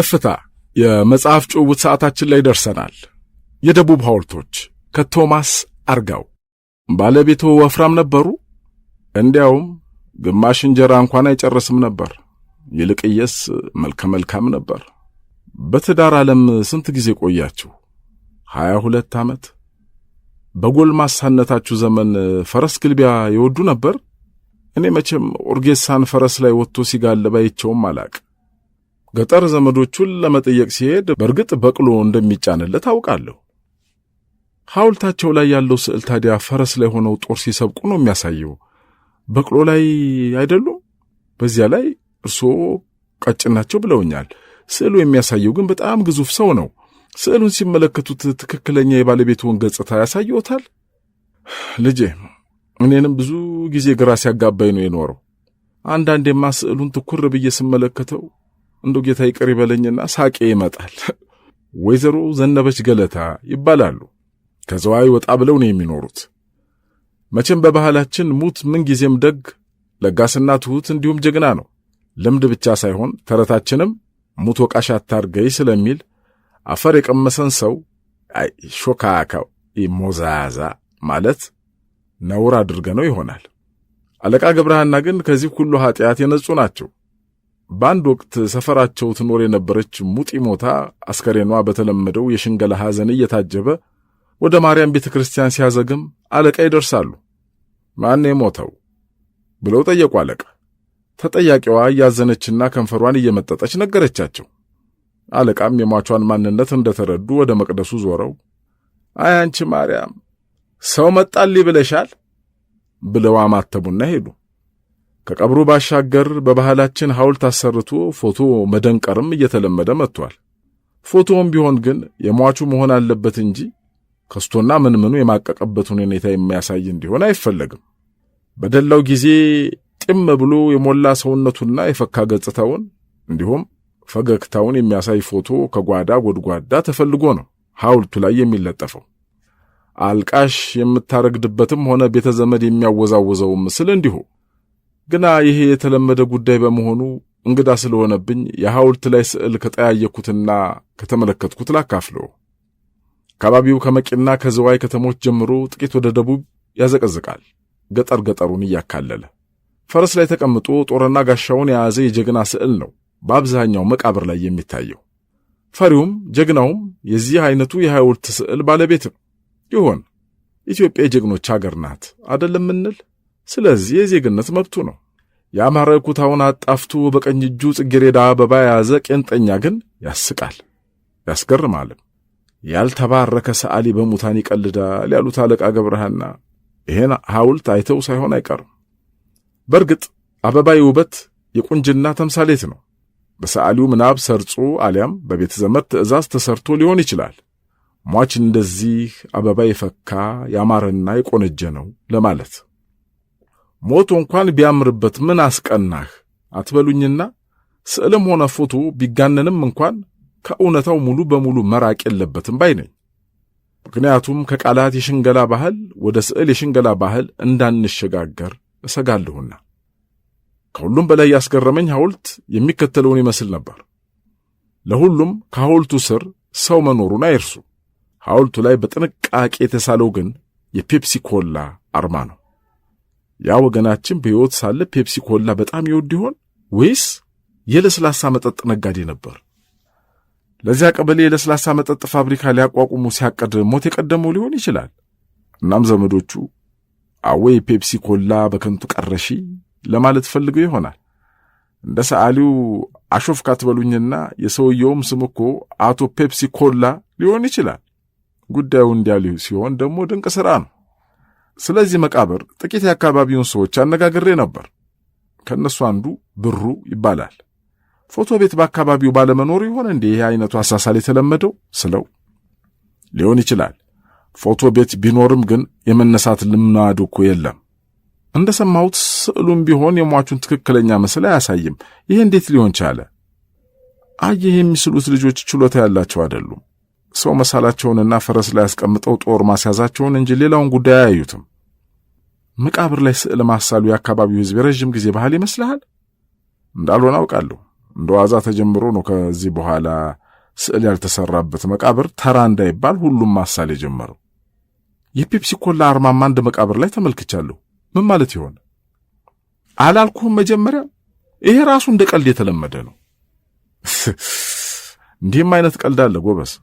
እፍታ የመጽሐፍ ጭውውት ሰዓታችን ላይ ደርሰናል። የደቡብ ሐውልቶች ከቶማስ አርጋው። ባለቤቱ ወፍራም ነበሩ። እንዲያውም ግማሽ እንጀራ እንኳን አይጨርስም ነበር። ይልቅየስ መልከ መልካም ነበር። በትዳር ዓለም ስንት ጊዜ ቆያችሁ? ሀያ ሁለት ዓመት። በጎልማሳነታችሁ ዘመን ፈረስ ግልቢያ የወዱ ነበር? እኔ መቼም ኦርጌሳን ፈረስ ላይ ወጥቶ ሲጋልብ አይቼውም አላቅ ገጠር ዘመዶቹን ለመጠየቅ ሲሄድ በእርግጥ በቅሎ እንደሚጫንለት አውቃለሁ። ሐውልታቸው ላይ ያለው ስዕል ታዲያ ፈረስ ላይ ሆነው ጦር ሲሰብቁ ነው የሚያሳየው፣ በቅሎ ላይ አይደሉም። በዚያ ላይ እርሶ ቀጭን ናቸው ብለውኛል። ስዕሉ የሚያሳየው ግን በጣም ግዙፍ ሰው ነው። ስዕሉን ሲመለከቱት ትክክለኛ የባለቤቱን ገጽታ ያሳየታል። ልጄ፣ እኔንም ብዙ ጊዜ ግራ ሲያጋባኝ ነው የኖረው። አንዳንዴማ ስዕሉን ትኩር ብዬ ስመለከተው እንዶ ጌታ ይቅር ይበለኝና ሳቄ ይመጣል። ወይዘሮ ዘነበች ገለታ ይባላሉ። ከዘዋይ ወጣ ብለው ነው የሚኖሩት። መቼም በባህላችን ሙት ምንጊዜም ደግ፣ ለጋስና ትሑት እንዲሁም ጀግና ነው። ልምድ ብቻ ሳይሆን ተረታችንም ሙት ወቃሽ አታርገይ ስለሚል አፈር የቀመሰን ሰው አይ ሾካካው ሞዛዛ ማለት ነውር አድርገ ነው ይሆናል። አለቃ ገብረሃና ግን ከዚህ ሁሉ ኃጢአት የነጹ ናቸው። በአንድ ወቅት ሰፈራቸው ትኖር የነበረች ሙጢ ሞታ አስከሬኗ በተለመደው የሽንገላ ሐዘን እየታጀበ ወደ ማርያም ቤተ ክርስቲያን ሲያዘግም አለቃ ይደርሳሉ። ማን የሞተው ብለው ጠየቁ አለቃ። ተጠያቂዋ እያዘነችና ከንፈሯን እየመጠጠች ነገረቻቸው። አለቃም የሟቿን ማንነት እንደተረዱ ወደ መቅደሱ ዞረው አያንቺ ማርያም ሰው መጣልኝ ብለሻል ብለው አማተቡና ሄዱ። ከቀብሩ ባሻገር በባህላችን ሐውልት አሰርቶ ፎቶ መደንቀርም እየተለመደ መጥቷል። ፎቶውም ቢሆን ግን የሟቹ መሆን አለበት እንጂ ከስቶና ምንምኑ የማቀቀበትን ሁኔታ የሚያሳይ እንዲሆን አይፈለግም። በደላው ጊዜ ጢም ብሎ የሞላ ሰውነቱና የፈካ ገጽታውን እንዲሁም ፈገግታውን የሚያሳይ ፎቶ ከጓዳ ጎድጓዳ ተፈልጎ ነው ሐውልቱ ላይ የሚለጠፈው። አልቃሽ የምታረግድበትም ሆነ ቤተ ዘመድ የሚያወዛውዘው ምስል እንዲሁ ግና ይሄ የተለመደ ጉዳይ በመሆኑ እንግዳ ስለሆነብኝ የሐውልት ላይ ስዕል ከጠያየኩትና ከተመለከትኩት ላካፍለው። አካባቢው ከመቂና ከዝዋይ ከተሞች ጀምሮ ጥቂት ወደ ደቡብ ያዘቀዝቃል፣ ገጠር ገጠሩን እያካለለ ፈረስ ላይ ተቀምጦ ጦርና ጋሻውን የያዘ የጀግና ስዕል ነው በአብዛኛው መቃብር ላይ የሚታየው። ፈሪውም ጀግናውም የዚህ አይነቱ የሐውልት ስዕል ባለቤት ነው ይሆን? ኢትዮጵያ የጀግኖች አገር ናት አደለም ምንል? ስለዚህ የዜግነት መብቱ ነው። ያማረ ኩታውን አጣፍቶ በቀኝ እጁ ጽጌረዳ አበባ የያዘ ቄንጠኛ ግን ያስቃል ያስገርማልም። ያልተባረከ ሰዓሊ በሙታን ይቀልዳል ያሉት አለቃ ገብረሃና ይሄን ሐውልት አይተው ሳይሆን አይቀርም። በእርግጥ አበባ የውበት የቁንጅና ተምሳሌት ነው። በሰዓሊው ምናብ ሰርጾ አሊያም በቤተ ዘመድ ትእዛዝ ተሰርቶ ሊሆን ይችላል። ሟች እንደዚህ አበባ የፈካ ያማረና የቆነጀ ነው ለማለት ሞቱ እንኳን ቢያምርበት ምን አስቀናህ አትበሉኝና ስዕልም ሆነ ፎቶ ቢጋነንም እንኳን ከእውነታው ሙሉ በሙሉ መራቅ የለበትም ባይ ነኝ። ምክንያቱም ከቃላት የሽንገላ ባህል ወደ ስዕል የሽንገላ ባህል እንዳንሸጋገር እሰጋለሁና። ከሁሉም በላይ ያስገረመኝ ሐውልት የሚከተለውን ይመስል ነበር። ለሁሉም ከሐውልቱ ስር ሰው መኖሩን አይርሱ። ሐውልቱ ላይ በጥንቃቄ የተሳለው ግን የፔፕሲ ኮላ አርማ ነው። ያ ወገናችን በሕይወት ሳለ ፔፕሲ ኮላ በጣም ይወድ ይሆን ወይስ የለስላሳ መጠጥ ነጋዴ ነበር? ለዚያ ቀበሌ የለስላሳ መጠጥ ፋብሪካ ሊያቋቁሙ ሲያቀድ ሞት የቀደመው ሊሆን ይችላል። እናም ዘመዶቹ አወይ ፔፕሲ ኮላ በከንቱ ቀረሺ ለማለት ፈልገው ይሆናል። እንደ ሰዓሊው አሾፍ ካትበሉኝና የሰውየውም ስም እኮ አቶ ፔፕሲ ኮላ ሊሆን ይችላል። ጉዳዩ እንዲያ ሲሆን ደግሞ ድንቅ ሥራ ነው። ስለዚህ መቃብር ጥቂት የአካባቢውን ሰዎች አነጋግሬ ነበር። ከእነሱ አንዱ ብሩ ይባላል። ፎቶ ቤት በአካባቢው ባለመኖሩ ይሆን እንዴ ይህ አይነቱ አሳሳል የተለመደው ስለው፣ ሊሆን ይችላል። ፎቶ ቤት ቢኖርም ግን የመነሳት ልማዱ እኮ የለም። እንደ ሰማሁት ስዕሉም ቢሆን የሟቹን ትክክለኛ ምስል አያሳይም። ይህ እንዴት ሊሆን ቻለ? አየህ፣ የሚስሉት ልጆች ችሎታ ያላቸው አይደሉም። ሰው መሳላቸውንና ፈረስ ላይ ያስቀምጠው ጦር ማስያዛቸውን እንጂ ሌላውን ጉዳይ አያዩትም። መቃብር ላይ ስዕል ማሳሉ የአካባቢው ሕዝብ የረዥም ጊዜ ባህል ይመስልሃል? እንዳልሆነ አውቃለሁ። እንደ ዋዛ ተጀምሮ ነው ከዚህ በኋላ ስዕል ያልተሰራበት መቃብር ተራ እንዳይባል ሁሉም ማሳል የጀመረው። የፔፕሲ ኮላ አርማማ አንድ መቃብር ላይ ተመልክቻለሁ። ምን ማለት ይሆን አላልኩህም? መጀመሪያ ይሄ ራሱ እንደ ቀልድ የተለመደ ነው። እንዲህም አይነት ቀልድ አለ ጎበስ።